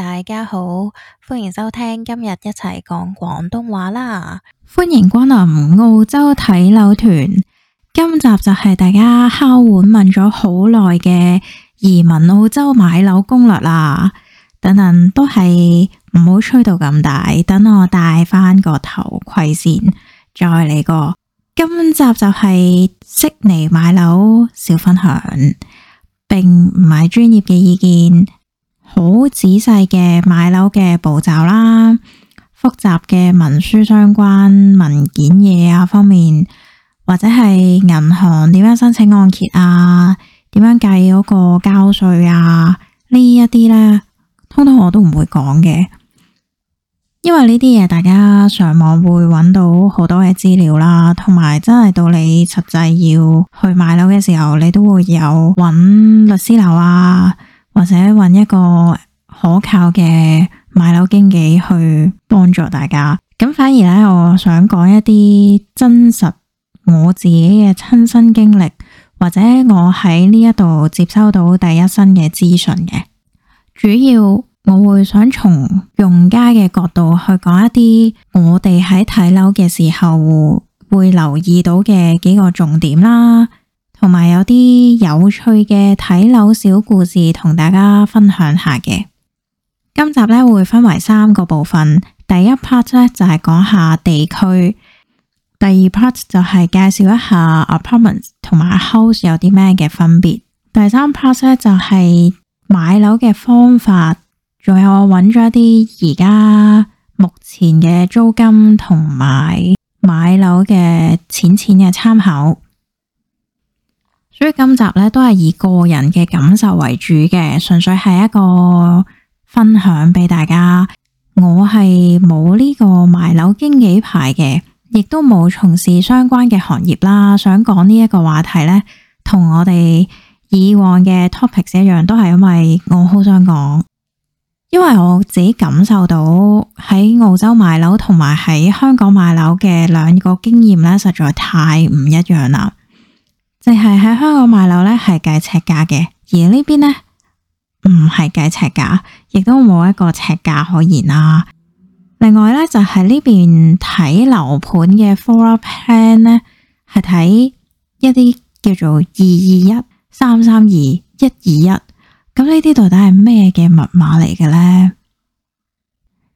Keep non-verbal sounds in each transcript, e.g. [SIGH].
大家好，歡迎收聽今日一齊講廣東話啦！歡迎光臨澳洲睇樓團，今集就係大家敲碗問咗好耐嘅移民澳洲買樓攻略啦。等等，都係唔好吹到咁大，等我戴翻個頭盔先，再嚟過。今集就係悉尼買樓小分享，並唔係專業嘅意見。好仔細嘅買樓嘅步驟啦，複雜嘅文書相關文件嘢啊方面，或者係銀行點樣申請按揭啊，點樣計嗰個交稅啊，呢一啲呢，通通我都唔會講嘅，因為呢啲嘢大家上網會揾到好多嘅資料啦，同埋真係到你實際要去買樓嘅時候，你都會有揾律師樓啊。或者揾一個可靠嘅買樓經紀去幫助大家，咁反而咧，我想講一啲真實我自己嘅親身經歷，或者我喺呢一度接收到第一身嘅資訊嘅，主要我會想從用家嘅角度去講一啲我哋喺睇樓嘅時候會留意到嘅幾個重點啦。同埋有啲有趣嘅睇樓小故事同大家分享下嘅。今集咧會分為三個部分，第一 part 咧就係講下地區，第二 part 就係介紹一下 apartment 同埋 house 有啲咩嘅分別。第三 part 咧就係買樓嘅方法，仲有我揾咗一啲而家目前嘅租金同埋買樓嘅淺淺嘅參考。所以今集咧都係以個人嘅感受為主嘅，純粹係一個分享俾大家。我係冇呢個賣樓經紀牌嘅，亦都冇從事相關嘅行業啦。想講呢一個話題咧，同我哋以往嘅 topic 一樣，都係因為我好想講，因為我自己感受到喺澳洲買樓同埋喺香港買樓嘅兩個經驗呢，實在太唔一樣啦。淨係喺香港買樓咧，係計尺價嘅；而呢邊咧唔係計尺價，亦都冇一個尺價可言啦。另外咧，就係呢邊睇樓盤嘅 floor plan 咧，係睇一啲叫做二二一三三二一二一咁呢啲到底係咩嘅密碼嚟嘅咧？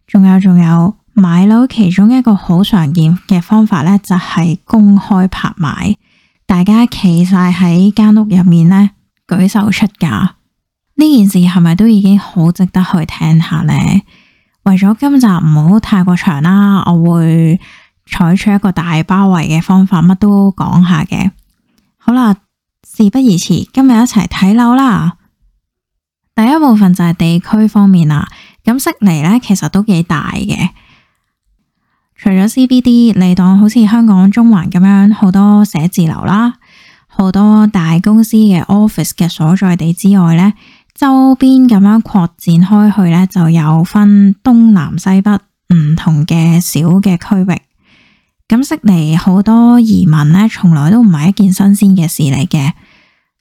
仲有，仲有買樓其中一個好常見嘅方法咧，就係公開拍賣。大家企晒喺間屋入面咧，舉手出價，呢件事係咪都已經好值得去聽下呢？為咗今集唔好太過長啦，我會採取一個大包圍嘅方法，乜都講下嘅。好啦，事不宜遲，今日一齊睇樓啦。第一部分就係地區方面啦，咁悉尼呢其實都幾大嘅。除咗 CBD 嚟到好似香港中環咁樣，好多寫字樓啦，好多大公司嘅 office 嘅所在地之外，呢周邊咁樣擴展開去呢，就有分東南西北唔同嘅小嘅區域。咁悉尼好多移民呢，從來都唔係一件新鮮嘅事嚟嘅，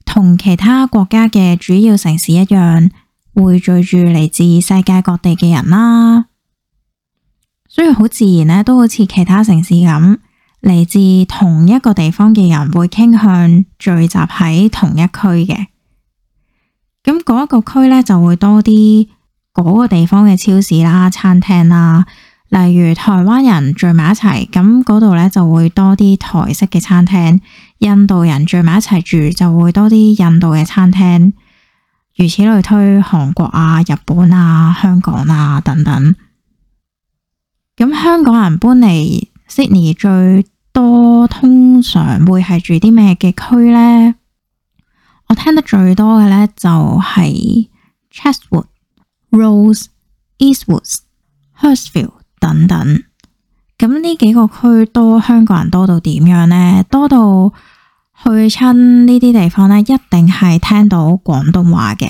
同其他國家嘅主要城市一樣，匯聚住嚟自世界各地嘅人啦。所以好自然咧，都好似其他城市咁，嚟自同一個地方嘅人會傾向聚集喺同一區嘅。咁嗰一個區呢，就會多啲嗰個地方嘅超市啦、餐廳啦。例如台灣人聚埋一齊，咁嗰度呢，就會多啲台式嘅餐廳；印度人聚埋一齊住，就會多啲印度嘅餐廳。如此類推，韓國啊、日本啊、香港啊等等。咁香港人搬嚟 Sydney 最多通常會係住啲咩嘅區咧？我聽得最多嘅咧就係 Chatswood、Rose、Eastwood、Hurstville 等等。咁呢幾個區多香港人多到點樣咧？多到去親呢啲地方咧，一定係聽到廣東話嘅。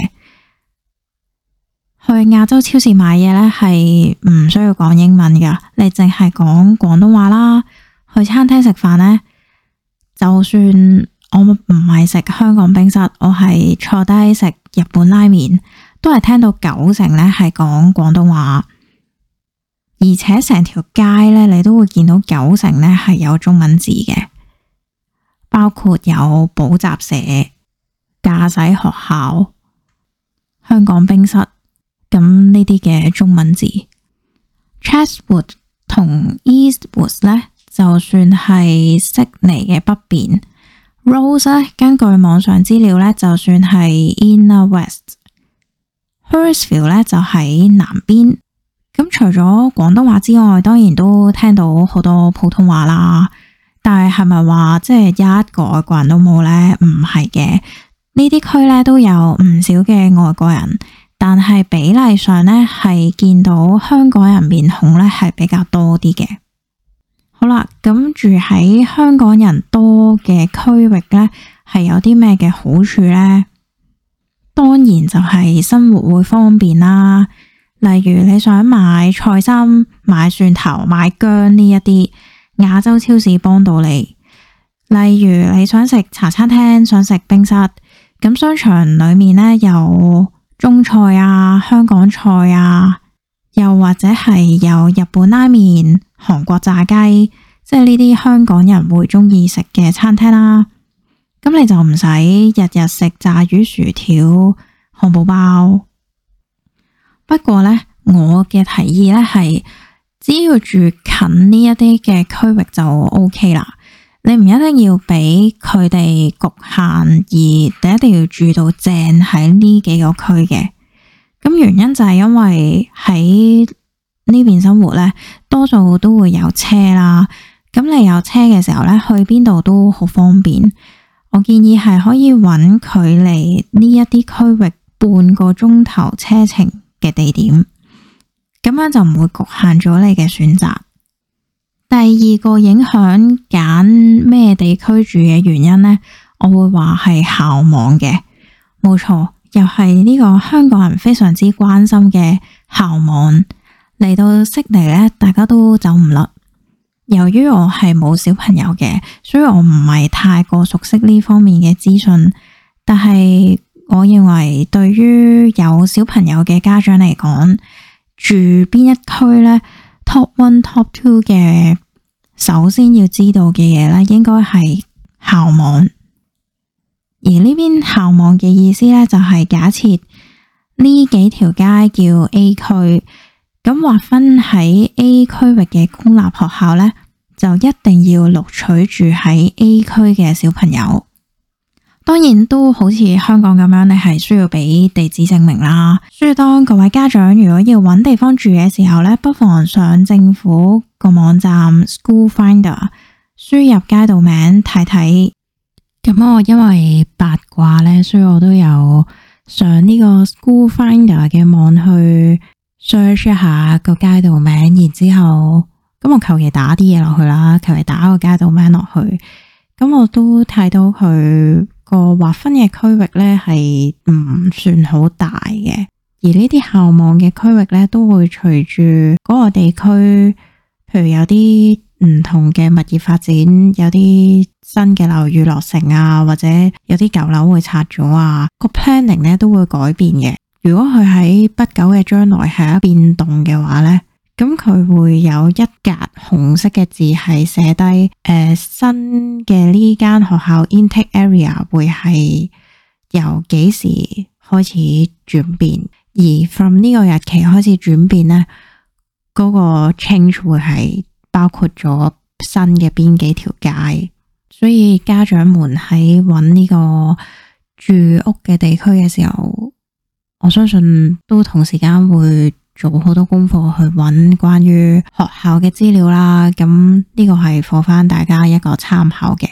去亞洲超市買嘢呢，係唔需要講英文噶，你淨係講廣東話啦。去餐廳食飯呢，就算我唔係食香港冰室，我係坐低食日本拉麵，都係聽到九成呢係講廣東話，而且成條街呢，你都會見到九成呢係有中文字嘅，包括有補習社、駕駛學校、香港冰室。咁呢啲嘅中文字，Chatswood 同 Eastwood 咧，就算係悉尼嘅北邊；Rose 咧，根據網上資料咧，就算係 Inner West；Hurstville 咧，就喺南邊。咁除咗廣東話之外，當然都聽到好多普通話啦。但係係咪話即係一個外國人都冇咧？唔係嘅，呢啲區咧都有唔少嘅外國人。但係比例上呢，係見到香港人面孔呢係比較多啲嘅。好啦，咁住喺香港人多嘅區域呢，係有啲咩嘅好處呢？當然就係生活會方便啦。例如你想買菜心、買蒜頭、買姜呢一啲亞洲超市幫到你。例如你想食茶餐廳，想食冰室，咁商場裏面呢有。中菜啊，香港菜啊，又或者係有日本拉麵、韓國炸雞，即係呢啲香港人會鍾意食嘅餐廳啦、啊。咁你就唔使日日食炸魚薯條、漢堡包。不過呢，我嘅提議呢係，只要住近呢一啲嘅區域就 OK 啦。你唔一定要俾佢哋局限，而你一定要住到正喺呢幾個區嘅。咁原因就係因為喺呢邊生活呢，多數都會有車啦。咁你有車嘅時候呢，去邊度都好方便。我建議係可以揾距離呢一啲區域半個鐘頭車程嘅地點，咁樣就唔會局限咗你嘅選擇。第二個影響揀咩地區住嘅原因呢？我會話係校網嘅。冇錯，又係呢個香港人非常之關心嘅校網。嚟到悉尼呢，大家都走唔甩。由於我係冇小朋友嘅，所以我唔係太過熟悉呢方面嘅資訊。但係我認為，對於有小朋友嘅家長嚟講，住邊一區呢？Top one, top two 嘅首先要知道嘅嘢咧，應該係校網。而呢邊校網嘅意思咧，就係假設呢幾條街叫 A 區，咁劃分喺 A 區域嘅公立學校咧，就一定要錄取住喺 A 區嘅小朋友。當然都好似香港咁樣，你係需要俾地址證明啦。所以當各位家長如果要揾地方住嘅時候咧，不妨上政府個網站 School Finder，輸入街道名睇睇。咁我因為八卦咧，所以我都有上呢個 School Finder 嘅網去 search 下個街道名，然之後咁我求其打啲嘢落去啦，求其打個街道名落去，咁我都睇到佢。個劃分嘅區域呢，係唔算好大嘅，而呢啲校網嘅區域呢，都會隨住嗰個地區，譬如有啲唔同嘅物業發展，有啲新嘅樓宇落成啊，或者有啲舊樓會拆咗啊，個 planning 呢都會改變嘅。如果佢喺不久嘅將來係一變動嘅話呢。咁佢會有一格紅色嘅字係寫低，誒、呃、新嘅呢間學校 intake area [NOISE] 會係由幾時開始轉變，而 from 呢個日期開始轉變呢，嗰、那個 change 會係包括咗新嘅邊幾條街，所以家長們喺揾呢個住屋嘅地區嘅時候，我相信都同時間會。做好多功課去揾關於學校嘅資料啦，咁呢個係放翻大家一個參考嘅。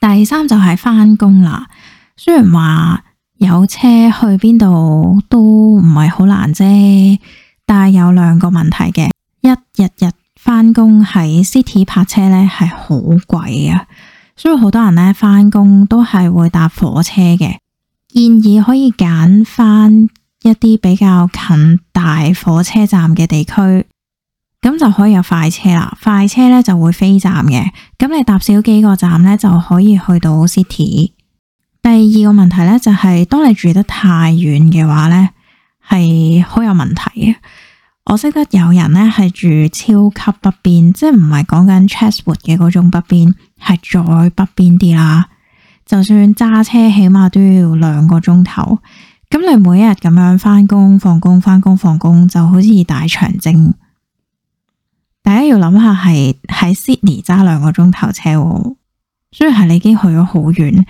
第三就係返工啦，雖然話有車去邊度都唔係好難啫，但係有兩個問題嘅。一日日返工喺 city 泊車呢係好貴啊，所以好多人呢返工都係會搭火車嘅。建議可以揀返。一啲比較近大火車站嘅地區，咁就可以有快車啦。快車咧就會飛站嘅，咁你搭少幾個站咧就可以去到 City。第二個問題咧就係、是，當你住得太遠嘅話咧，係好有問題嘅。我識得有人咧係住超級北邊，即係唔係講緊 Chatswood 嘅嗰種北邊，係再北邊啲啦。就算揸車，起碼都要兩個鐘頭。咁你每一日咁樣返工放工返工放工，就好似大長征。大家要諗下，係喺 Sydney 揸兩個鐘頭車，所以係你已經去咗好遠。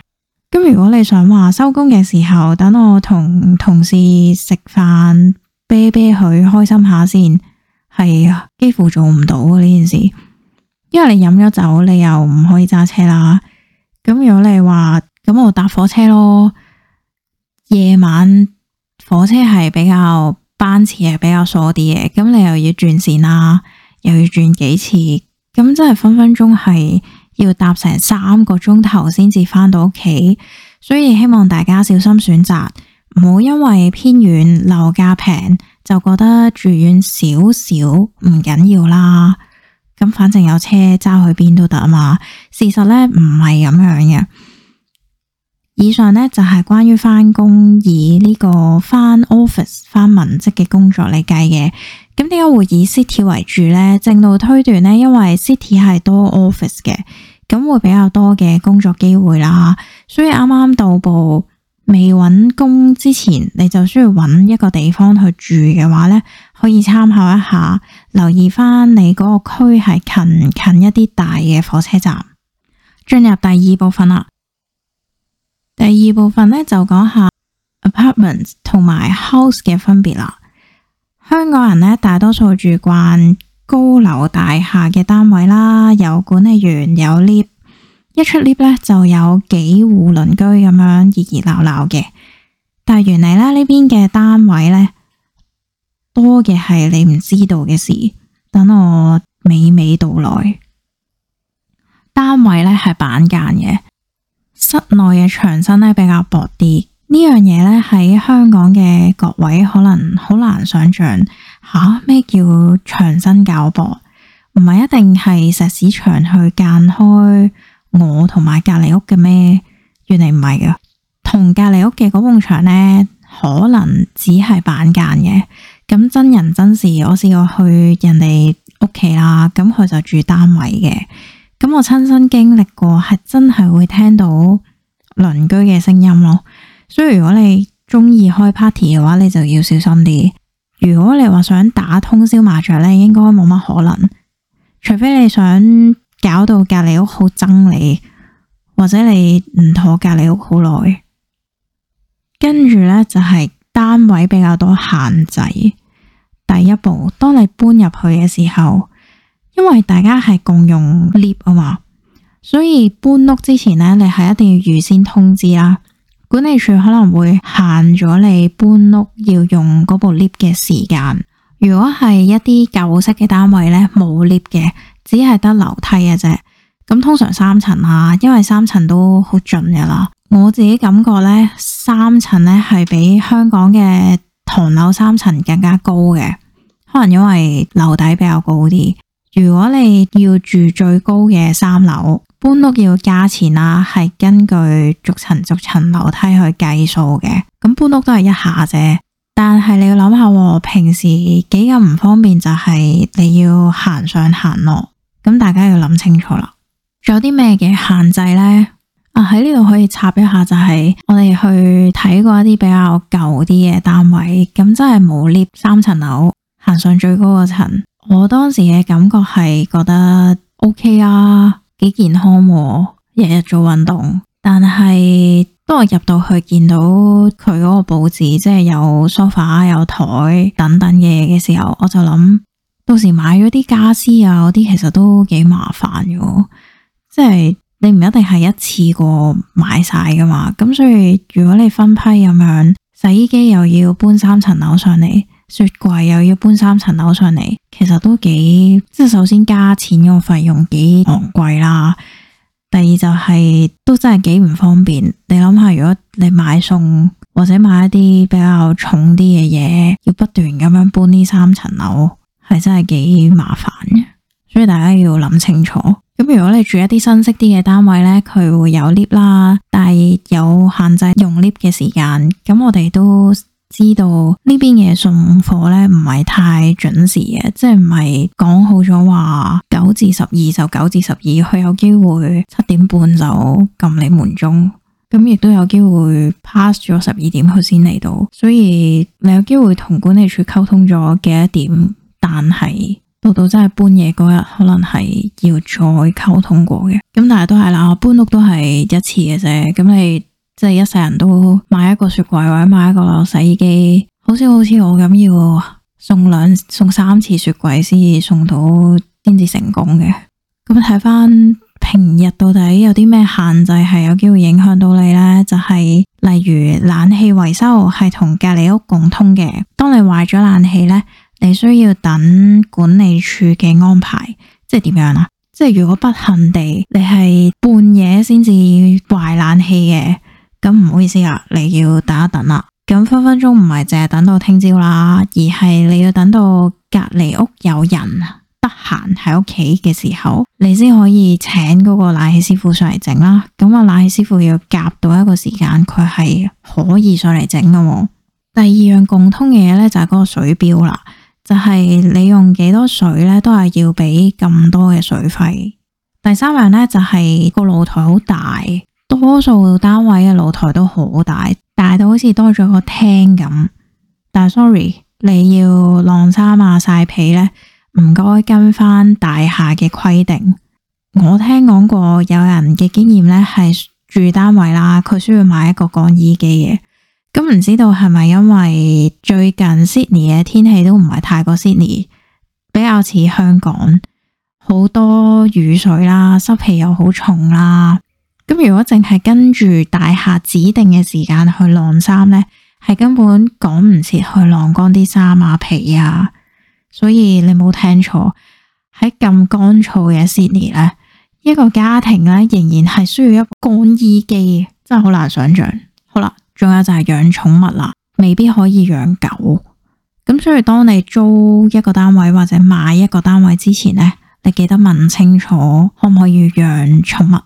咁如果你想話收工嘅時候，等我同同事食飯啤啤佢開心下先，係幾乎做唔到呢件事。因為你飲咗酒，你又唔可以揸車啦。咁如果你話咁，我搭火車咯。夜晚火車係比較班次係比較疏啲嘅，咁你又要轉線啦，又要轉幾次，咁真係分分鐘係要搭成三個鐘頭先至返到屋企，所以希望大家小心選擇，唔好因為偏遠樓價平就覺得住遠少少唔緊要啦，咁反正有車揸去邊都得啊嘛，事實呢唔係咁樣嘅。以上咧就係關於翻工以呢個翻 office 翻文職嘅工作嚟計嘅，咁點解會以 city 為主呢？正路推斷呢，因為 city 係多 office 嘅，咁會比較多嘅工作機會啦。所以啱啱到步未揾工之前，你就需要揾一個地方去住嘅話呢，可以參考一下，留意翻你嗰個區係近唔近一啲大嘅火車站。進入第二部分啦。第二部分咧就講下 apartments 同埋 house 嘅分別啦。香港人咧大多數住慣高樓大廈嘅單位啦，有管理員，有 lift，一出 lift 咧就有幾戶鄰居咁樣熱熱鬧鬧嘅。但係原嚟咧呢邊嘅單位咧多嘅係你唔知道嘅事，等我娓娓道來。單位咧係板間嘅。室內嘅牆身咧比較薄啲，呢樣嘢咧喺香港嘅各位可能好難想象吓，咩叫牆身較薄？唔係一定係石屎牆去間開我同埋隔籬屋嘅咩？原嚟唔係噶，同隔籬屋嘅嗰埲牆咧可能只係板間嘅。咁真人真事，我試過去人哋屋企啦，咁佢就住單位嘅。咁我親身經歷過，係真係會聽到鄰居嘅聲音咯。所以如果你鍾意開 party 嘅話，你就要小心啲。如果你話想打通宵麻雀呢，應該冇乜可能，除非你想搞到隔籬屋好憎你，或者你唔妥隔籬屋好耐。跟住呢，就係單位比較多限制。第一步，當你搬入去嘅時候。因為大家係共用 lift 啊嘛，所以搬屋之前咧，你係一定要預先通知啦。管理處可能會限咗你搬屋要用嗰部 lift 嘅時間。如果係一啲舊式嘅單位咧，冇 lift 嘅，只係得樓梯嘅啫。咁通常三層啊，因為三層都好盡噶啦。我自己感覺咧，三層咧係比香港嘅唐樓三層更加高嘅，可能因為樓底比較高啲。如果你要住最高嘅三樓，搬屋要加錢啦，係根據逐層逐層樓梯去計數嘅。咁搬屋都係一下啫，但係你要諗下，平時幾咁唔方便就係你要行上行落，咁大家要諗清楚啦。仲有啲咩嘅限制呢？啊，喺呢度可以插一下，就係我哋去睇過一啲比較舊啲嘅單位，咁真係冇 lift，三層樓行上最高個層。我當時嘅感覺係覺得 OK 啊，幾健康喎，日日做運動。但係當我入到去見到佢嗰個布置，即係有 sofa、有台等等嘅嘢嘅時候，我就諗到時買咗啲家私啊嗰啲，其實都幾麻煩㗎。即係你唔一定係一次過買晒噶嘛，咁所以如果你分批咁樣，洗衣機又要搬三層樓上嚟。雪櫃又要搬三層樓上嚟，其實都幾即係首先加錢個費用幾昂貴啦。第二就係都真係幾唔方便。你諗下，如果你買餸或者買一啲比較重啲嘅嘢，要不斷咁樣搬呢三層樓，係真係幾麻煩嘅。所以大家要諗清楚。咁如果你住一啲新式啲嘅單位呢，佢會有 lift 啦，但係有限制用 lift 嘅時間。咁我哋都。知道呢邊嘢送貨呢唔係太準時嘅，即係唔係講好咗話九至十二就九至十二，佢有機會七點半就撳你門鐘，咁亦都有機會 pass 咗十二點佢先嚟到，所以你有機會同管理處溝通咗幾多點，但係到到真係半夜嗰日，可能係要再溝通過嘅，咁但係都係啦，搬屋，都係一次嘅啫，咁你。即係一世人，都買一個雪櫃或者買一個洗衣機，好似好似我咁要送兩送三次雪櫃先至送到，先至成功嘅。咁睇翻平日到底有啲咩限制係有機會影響到你呢？就係例如冷氣維修係同隔籬屋共通嘅，當你壞咗冷氣呢，你需要等管理處嘅安排，即係點樣啊？即係如果不幸地你係半夜先至壞冷氣嘅。咁唔好意思啊，你要等一等啦。咁分分鐘唔係淨係等到聽朝啦，而係你要等到隔籬屋有人得閒喺屋企嘅時候，你先可以請嗰個冷氣師傅上嚟整啦。咁啊，冷氣師傅要夾到一個時間，佢係可以上嚟整噶。第二樣共通嘅嘢呢，就係嗰個水表啦，就係你用幾多水呢，都係要俾咁多嘅水費。第三樣呢，就係個露台好大。多數單位嘅露台都好大，大到好似多咗個廳咁。但 sorry，你要晾衫啊、曬被呢，唔該跟翻大廈嘅規定。我聽講過有人嘅經驗呢，係住單位啦，佢需要買一個乾衣機嘅。咁唔知道係咪因為最近 Sydney 嘅天氣都唔係太過 Sydney，比較似香港，好多雨水啦，濕氣又好重啦。咁如果淨係跟住大廈指定嘅時間去晾衫呢，係根本趕唔切去晾乾啲衫啊、被啊，所以你冇聽錯，喺咁乾燥嘅悉尼呢，一個家庭呢，仍然係需要一個乾衣機，真係好難想象。好啦，仲有就係養寵物啦，未必可以養狗，咁所以當你租一個單位或者買一個單位之前呢，你記得問清楚可唔可以養寵物。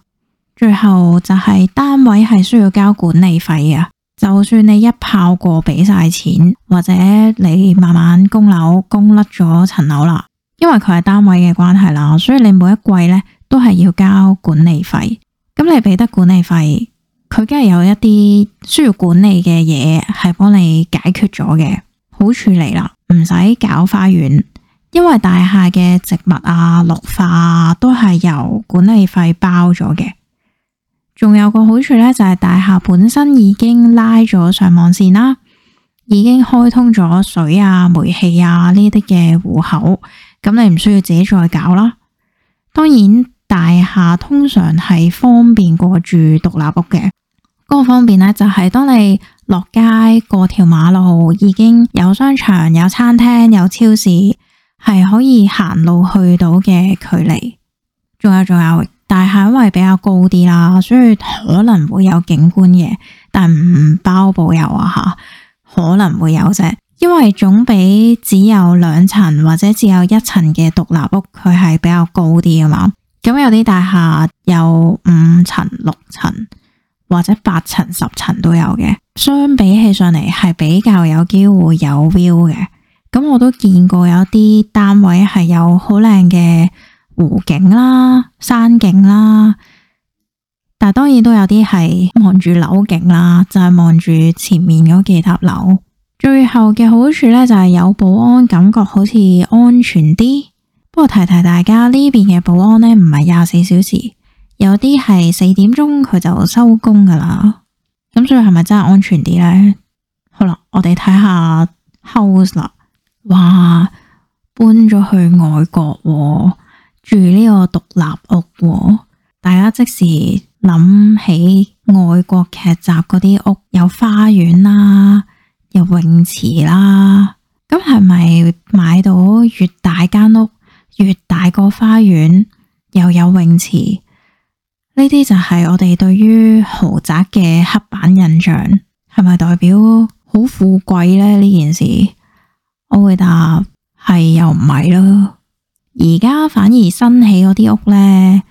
最後就係單位係需要交管理費啊！就算你一炮過俾晒錢，或者你慢慢供樓供甩咗層樓啦，因為佢係單位嘅關係啦，所以你每一季咧都係要交管理費。咁你俾得管理費，佢梗係有一啲需要管理嘅嘢係幫你解決咗嘅好處理啦，唔使搞花園，因為大廈嘅植物啊、綠化啊，都係由管理費包咗嘅。仲有個好處咧，就係大廈本身已經拉咗上網線啦，已經開通咗水啊、煤氣啊呢啲嘅戶口，咁你唔需要自己再搞啦。當然，大廈通常係方便過住獨立屋嘅。嗰個方便呢，就係當你落街過條馬路，已經有商場、有餐廳、有超市，係可以行路去到嘅距離。仲有，仲有。大廈因為比較高啲啦，所以可能會有景觀嘅，但唔包保有啊吓，可能會有啫。因為總比只有兩層或者只有一層嘅獨立屋，佢係比較高啲噶嘛。咁有啲大廈有五層、六層或者八層、十層都有嘅，相比起上嚟，係比較有機會有 view 嘅。咁我都見過有啲單位係有好靚嘅，湖景啦，山景啦，但係當然都有啲係望住樓景啦，就係、是、望住前面嗰幾塔樓。最後嘅好處呢，就係有保安，感覺好似安全啲。不過提提大家，呢邊嘅保安呢，唔係廿四小時，有啲係四點鐘佢就收工噶啦。咁所以係咪真係安全啲呢？好啦，我哋睇下 house 啦，哇，搬咗去外國、啊。住呢個獨立屋，大家即時諗起外國劇集嗰啲屋，有花園啦，有泳池啦。咁係咪買到越大間屋，越大個花園，又有泳池？呢啲就係我哋對於豪宅嘅黑板印象，係咪代表好富貴呢？呢件事我會答係又唔係咯。而家反而新起嗰啲屋呢，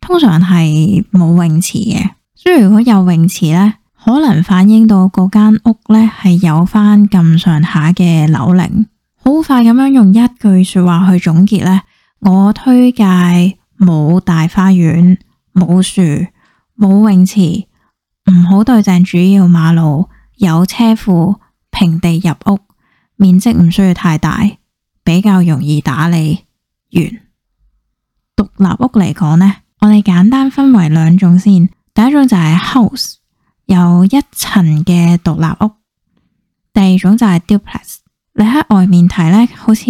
通常係冇泳池嘅。所以如果有泳池呢，可能反映到嗰間屋呢係有翻咁上下嘅樓齡。好快咁樣用一句說話去總結呢：「我推介冇大花園、冇樹、冇泳池，唔好對正主要馬路，有車庫、平地入屋，面積唔需要太大，比較容易打理。」源獨立屋嚟講呢，我哋簡單分為兩種先。第一種就係 house，有一層嘅獨立屋；第二種就係 duplex。你喺外面睇呢，好似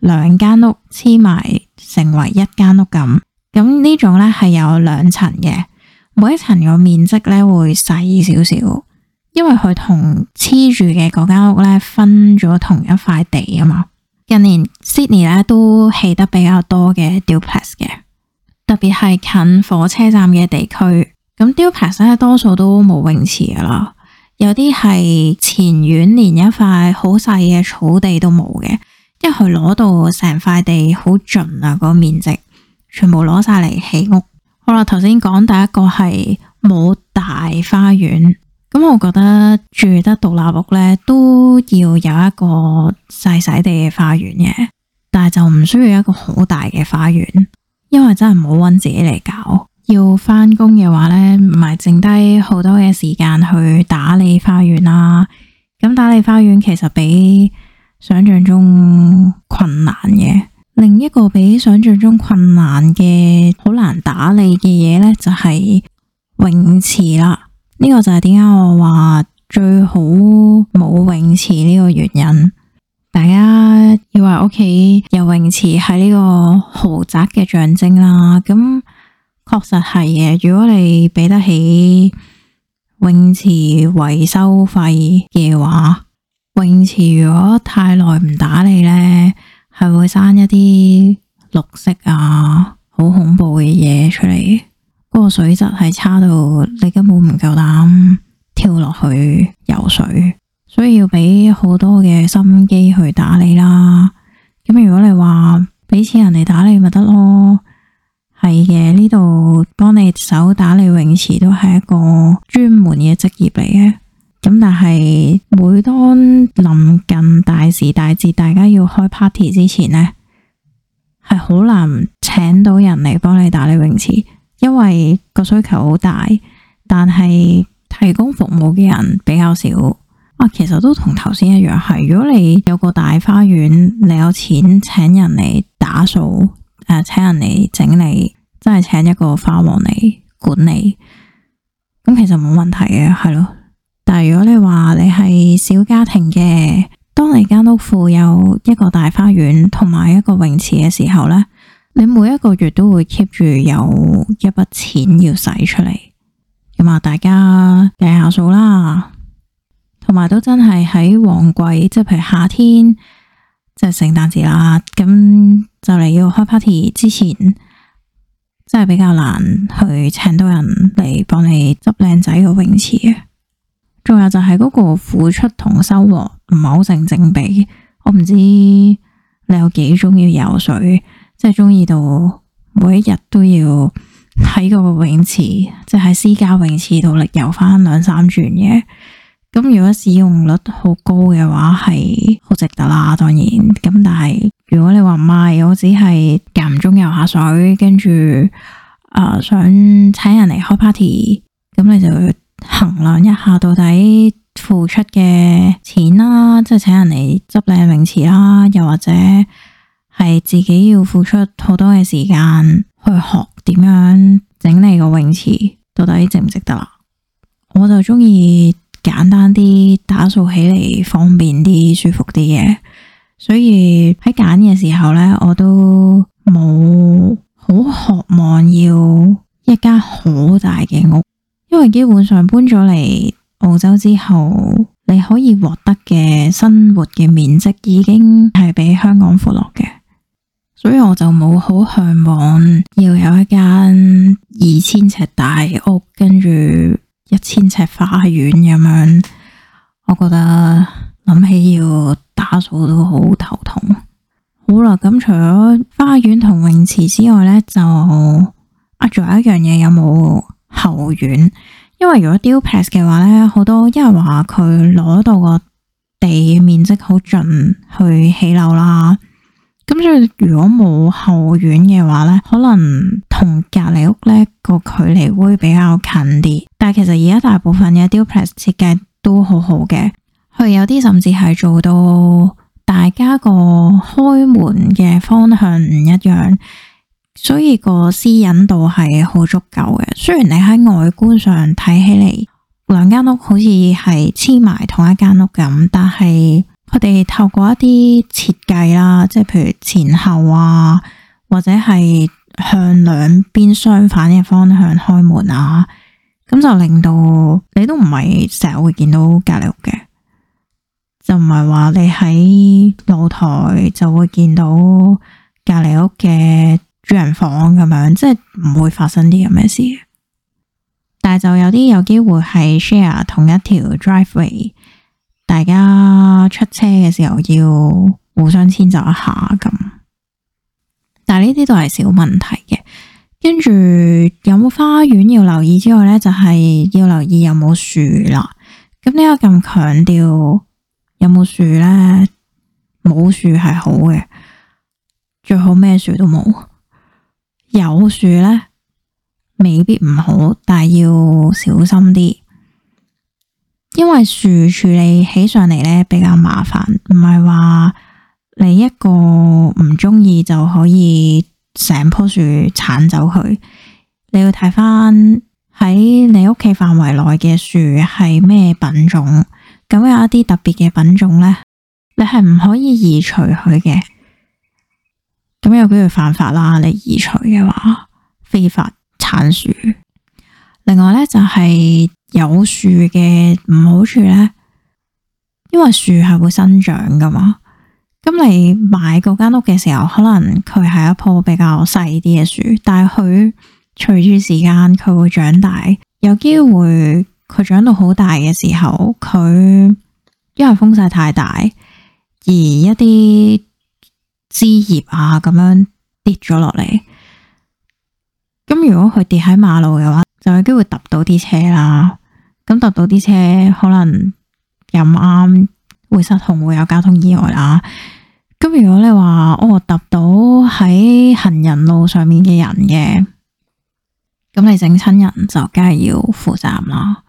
兩間屋黐埋成為一間屋咁。咁呢種呢係有兩層嘅，每一層嘅面積呢會細少少，因為佢同黐住嘅嗰間屋呢分咗同一塊地啊嘛。近年 Sydney 咧都起得比較多嘅 duplex 嘅，特別係近火車站嘅地區。咁 duplex 咧多數都冇泳池噶啦，有啲係前院連一塊好細嘅草地都冇嘅，因為佢攞到成塊地好盡啊，個面積，全部攞晒嚟起屋。好啦，頭先講第一個係冇大花園。咁我覺得住得獨立屋呢，都要有一個細細地嘅花園嘅，但係就唔需要一個好大嘅花園，因為真係唔好揾自己嚟搞。要翻工嘅話呢，唔係剩低好多嘅時間去打理花園啦。咁打理花園其實比想象中困難嘅。另一個比想象中困難嘅、好難打理嘅嘢呢，就係泳池啦。呢個就係點解我話最好冇泳池呢個原因。大家以為屋企游泳池係呢個豪宅嘅象徵啦，咁確實係嘅。如果你俾得起泳池維修費嘅話，泳池如果太耐唔打理呢，係會生一啲綠色啊，好恐怖嘅嘢，出嚟。個水質係差到你根本唔夠膽跳落去游水，所以要俾好多嘅心機去打理啦。咁如果你話俾錢給人哋打理咪得咯？係嘅，呢度幫你手打理泳池都係一個專門嘅職業嚟嘅。咁但係每當臨近大時大節，大家要開 party 之前呢，係好難請到人嚟幫你打理泳池。因為個需求好大，但係提供服務嘅人比較少啊。其實都同頭先一樣係，如果你有個大花園，你有錢請人嚟打掃，誒、呃，請人嚟整理，真係請一個花王嚟管理，咁其實冇問題嘅，係咯。但係如果你話你係小家庭嘅，當你間屋附有一個大花園同埋一個泳池嘅時候咧。你每一個月都會 keep 住有一筆錢要使出嚟，咁啊，大家計下數啦。同埋都真係喺旺季，即係譬如夏天，即係聖誕節啦。咁就嚟要開 party 之前，真係比較難去請到人嚟幫你執靚仔個泳池嘅。仲有就係嗰個付出同收穫唔係好成正比。我唔知你有幾鍾意游水。即係中意，到每一日都要喺個泳池，即係私家泳池度游翻兩三轉嘅。咁如果使用率好高嘅話，係好值得啦。當然，咁但係如果你話唔係，我只係間唔中游下水，跟住啊想請人嚟開 party，咁你就衡量一下到底付出嘅錢啦，即係請人嚟執靚泳池啦，又或者。係自己要付出好多嘅時間去學點樣整理你個泳池，到底值唔值得啦，啊？我就中意簡單啲打掃起嚟方便啲、舒服啲嘅，所以喺揀嘅時候呢，我都冇好渴望要一間好大嘅屋，因為基本上搬咗嚟澳洲之後，你可以獲得嘅生活嘅面積已經係比香港闊落嘅。所以我就冇好嚮往要有一間二千尺大屋，跟住,一千尺花園咁樣。我覺得諗起要打掃都好頭痛。好啦，咁除咗花園同泳池之外呢，就啊，仲有一樣嘢，有冇後院？因為如果 duplex 嘅話呢，好多因為話佢攞到個地面積好盡去起樓啦。咁所以如果冇後院嘅話呢，可能同隔籬屋呢個距離會比較近啲。但係其實而家大部分嘅 duplex 設計都好好嘅，佢有啲甚至係做到大家個開門嘅方向唔一樣，所以個私隱度係好足夠嘅。雖然你喺外觀上睇起嚟，兩間屋好似係黐埋同一間屋咁，但係。我哋透過一啲設計啦，即係譬如前後啊，或者係向兩邊相反嘅方向開門啊，咁就令到你都唔係成日會見到隔籬屋嘅，就唔係話你喺露台就會見到隔籬屋嘅主人房咁樣，即係唔會發生啲咁嘅事。但係就有啲有機會係 share 同一條 driveway。大家出車嘅時候要互相遷就一下咁，但係呢啲都係小問題嘅。跟住有冇花園要留意之外咧，就係要留意有冇樹啦。咁呢個咁強調有冇樹咧，冇樹係好嘅，最好咩樹都冇。有樹咧，未必唔好，但係要小心啲。因為樹處理起上嚟，咧比較麻煩，唔係話你一個唔中意就可以成棵樹鏟走佢。你要睇翻喺你屋企範圍內嘅樹係咩品種，咁有一啲特別嘅品種咧，你係唔可以移除佢嘅。咁有機會犯法啦，你移除嘅話非法鏟樹。另外咧就係、是。有樹嘅唔好處咧，因為樹係會生長噶嘛。咁你買嗰間屋嘅時候，可能佢係一棵比較細啲嘅樹，但係佢隨住時間佢會長大，有機會佢長到好大嘅時候，佢因為風勢太大，而一啲枝葉啊咁樣跌咗落嚟。咁如果佢跌喺馬路嘅話，就有機會揼到啲車啦，咁揼到啲車可能又唔啱，會失控，會有交通意外啦。咁如果你話哦，揼到喺行人路上面嘅人嘅，咁你整親人就梗係要負責啦。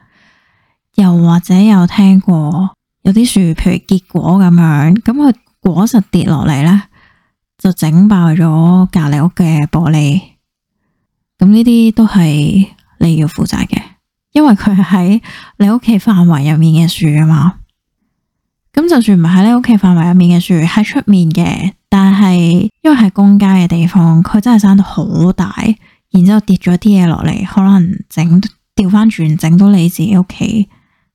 又或者有聽過有啲樹，譬如結果咁樣，咁佢果實跌落嚟咧，就整爆咗隔籬屋嘅玻璃。咁呢啲都係。你要負責嘅，因為佢係喺你屋企範圍入面嘅樹啊嘛。咁就算唔係喺你屋企範圍入面嘅樹，喺出面嘅，但係因為係公街嘅地方，佢真係生得好大，然之後跌咗啲嘢落嚟，可能整掉翻轉，整到你自己屋企，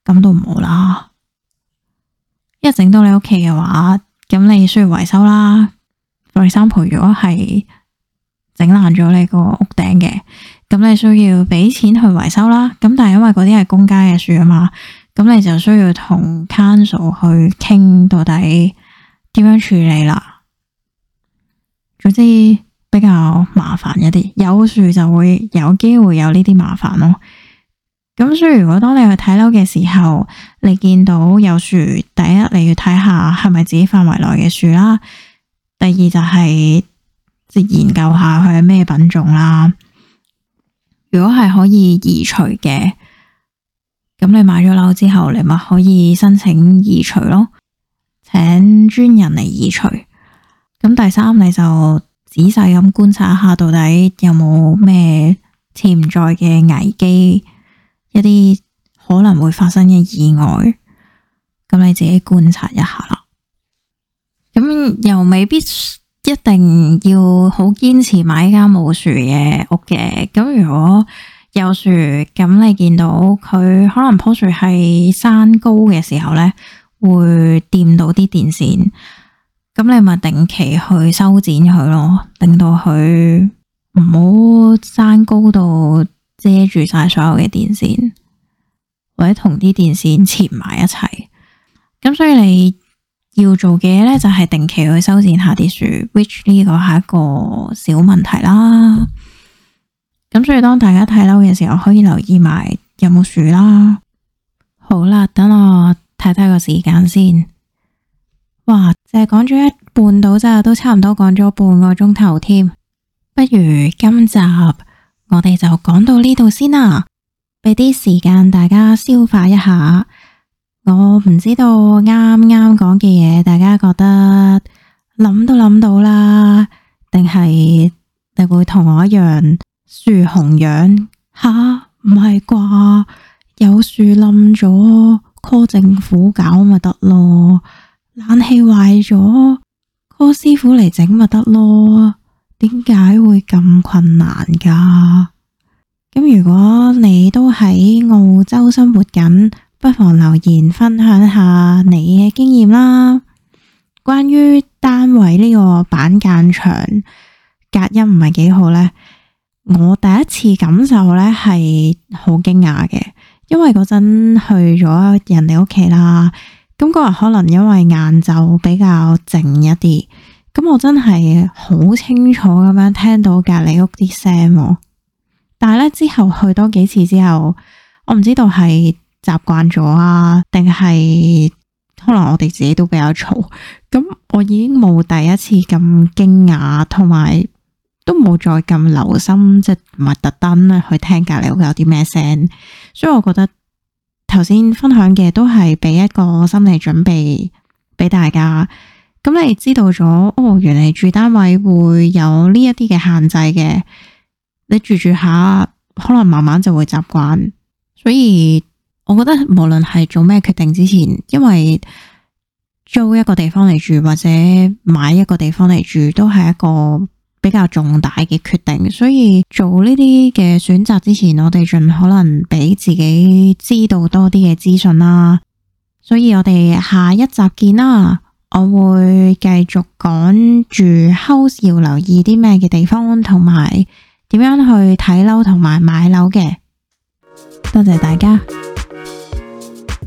咁都唔好啦。一整到你屋企嘅話，咁你需要維修啦。再三婆如果係整爛咗你個屋頂嘅。咁你需要俾錢去維修啦，咁但係因為嗰啲係公家嘅樹啊嘛，咁你就需要同 Council 去傾到底點樣處理啦。總之比較麻煩一啲，有樹就會有機會有呢啲麻煩咯。咁所以如果當你去睇樓嘅時候，你見到有樹，第一你要睇下係咪自己範圍內嘅樹啦，第二就係研究下佢係咩品種啦。如果係可以移除嘅，咁你買咗樓之後，你咪可以申請移除咯，請專人嚟移除。咁第三，你就仔細咁觀察下，到底有冇咩潛在嘅危機，一啲可能會發生嘅意外，咁你自己觀察一下啦。咁又未必。一定要好堅持買間冇樹嘅屋嘅，咁如果有樹，咁你見到佢可能棵樹係山高嘅時候呢，會掂到啲電線，咁你咪定期去修剪佢咯，令到佢唔好山高到遮住晒所有嘅電線，或者同啲電線纏埋一齊，咁所以你。要做嘅咧就係定期去修剪下啲樹，which 呢個係一個小問題啦。咁所以當大家睇樓嘅時候，可以留意埋有冇樹啦。好啦，等我睇睇個時間先。哇，淨係講咗一半到咋，都差唔多講咗半個鐘頭添。不如今集我哋就講到呢度先啦，俾啲時間大家消化一下。我唔知道啱啱講嘅嘢，大家覺得諗都諗到啦，定係你會同我一樣樹紅樣吓？唔係啩？有樹冧咗，call 政府搞咪得咯？冷氣壞咗，call 師傅嚟整咪得咯？點解會咁困難㗎？咁如果你都喺澳洲生活緊，不妨留言分享下你嘅經驗啦。關於單位呢個板間牆隔音唔係幾好呢，我第一次感受呢係好驚訝嘅，因為嗰陣去咗人哋屋企啦。咁嗰日可能因為晏晝比較靜一啲，咁我真係好清楚咁樣聽到隔籬屋啲聲。但係呢，之後去多幾次之後，我唔知道係。習慣咗啊，定係可能我哋自己都比較嘈，咁我已經冇第一次咁驚訝，同埋都冇再咁留心，即係唔係特登去聽隔籬屋有啲咩聲，所以我覺得頭先分享嘅都係俾一個心理準備俾大家，咁你知道咗哦，原來住單位會有呢一啲嘅限制嘅，你住住下可能慢慢就會習慣，所以。我覺得無論係做咩決定之前，因為租一個地方嚟住或者買一個地方嚟住，都係一個比較重大嘅決定。所以做呢啲嘅選擇之前，我哋盡可能俾自己知道多啲嘅資訊啦。所以我哋下一集見啦。我會繼續講住 house 要留意啲咩嘅地方，同埋點樣去睇樓同埋買樓嘅。多謝大家。